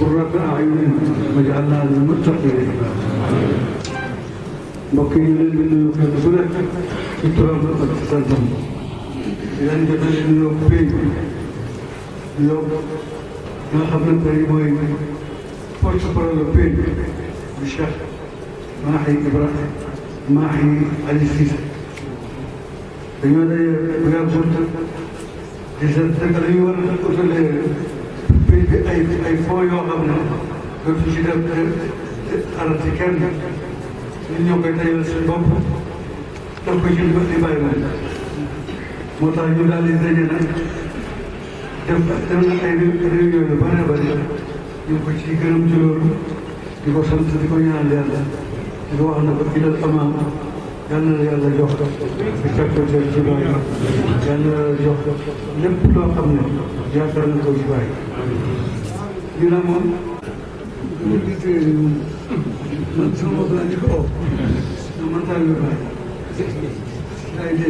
قرة أعين واجعلنا للمتقين mbokk yi ñu leen di nuyu kenn ku nekk ci turam ak ci santam di leen jotale nuyoo fii nuyoo nga xam ne tey mooy porte-parole fii di Cheikh Mahi Ibrahima Mahi Ali Cissé dañoo daje bu yàggul di seet rek li ñu war a ay ay ay foo yoo xam ne dootu ci def alal ci kenn ñun ñoo koy tayal seen bopp daf ko ci di bàyyi ma moo tax ñu daal di daje nag def def na ay réunion yu bare bare ñu ko ci gërëm ci loolu di ko sant di ko ñaanal yàlla di ko wax na ko ilal amaam yàlla na yàlla jox ko ci dana jox lépp loo xam ne yaakaar na ko ci waay ñu ne moom ñu gisee man sama baa ñu ko oo man taal bi bàyyi